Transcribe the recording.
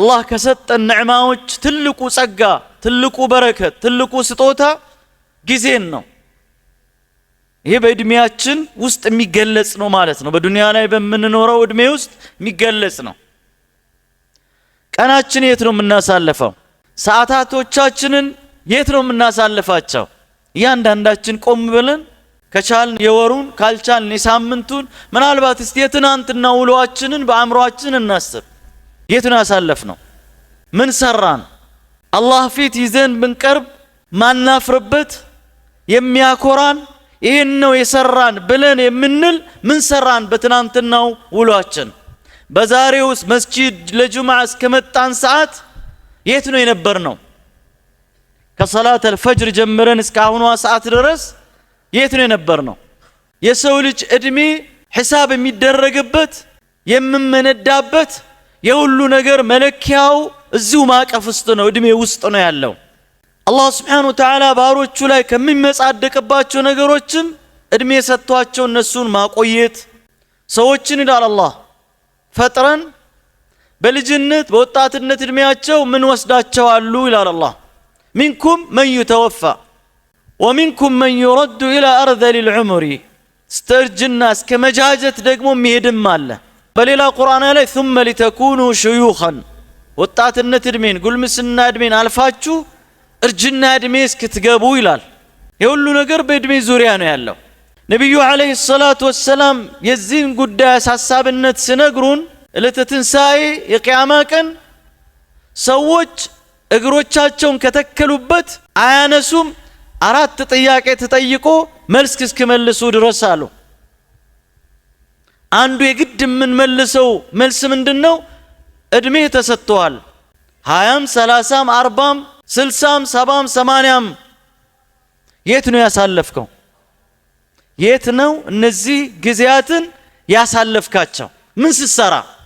አላህ ከሰጠን ንዕማዎች ትልቁ ጸጋ፣ ትልቁ በረከት፣ ትልቁ ስጦታ ጊዜን ነው። ይሄ በእድሜያችን ውስጥ የሚገለጽ ነው ማለት ነው። በዱንያ ላይ በምንኖረው እድሜ ውስጥ የሚገለጽ ነው። ቀናችን የት ነው የምናሳልፈው? ሰዓታቶቻችንን የት ነው የምናሳልፋቸው? እያንዳንዳችን ቆም ብለን ከቻልን የወሩን፣ ካልቻልን የሳምንቱን፣ ምናልባት እስቲ የትናንትና ውሎዋችንን በአእምሮአችን እናስብ። የቱን ያሳለፍ ነው? ምን ሰራን? አላህ ፊት ይዘን ብንቀርብ ማናፍርበት የሚያኮራን ይህን ነው የሰራን ብለን የምንል ምን ሰራን? በትናንትናው ውሏችን በዛሬው ውስጥ መስጂድ ለጁማ እስከመጣን ሰዓት የት ነው የነበር ነው? ከሰላት አልፈጅር ጀምረን እስከ አሁኗ ሰዓት ድረስ የት ነው የነበር ነው? የሰው ልጅ እድሜ ሒሳብ የሚደረግበት የምመነዳበት የሁሉ ነገር መለኪያው እዚሁ ማቀፍ ውስጥ ነው፣ እድሜ ውስጥ ነው ያለው። አላህ ስብሓነ ወተዓላ ባሮቹ ላይ ከሚመጻደቅባቸው ነገሮችም እድሜ ሰጥቷቸው እነሱን ማቆየት ሰዎችን ይላል አላህ ፈጥረን በልጅነት በወጣትነት እድሜያቸው ምን ወስዳቸው አሉ ይላል አላህ ሚንኩም መን ዩተወፋ ወሚንኩም መን ዩረዱ ኢላ አርዘሊል ዑሙሪ ስተርጅና እስከ መጃጀት ደግሞ የሚሄድም አለ በሌላ ቁርአን ላይ ثم لتكونوا شيوخا ወጣትነት እድሜን ጉልምስና እድሜን አልፋችሁ እርጅና እድሜ እስክትገቡ ይላል። የሁሉ ነገር በእድሜ ዙሪያ ነው ያለው። ነቢዩ ዓለይሂ ሰላቱ ወሰላም የዚህን ጉዳይ አሳሳብነት ሲነግሩን ዕለተ ትንሣኤ የቅያማ ቀን ሰዎች እግሮቻቸውን ከተከሉበት አያነሱም፣ አራት ጥያቄ ተጠይቆ መልስ እስክመልሱ ድረስ አሉ። አንዱ የግድ የምንመልሰው መልስ ምንድን ነው? እድሜህ ተሰጥተዋል። ሀያም ሰላሳም አርባም ስልሳም ሰባም ሰማንያም የት ነው ያሳለፍከው? የት ነው እነዚህ ጊዜያትን ያሳለፍካቸው? ምን ስትሰራ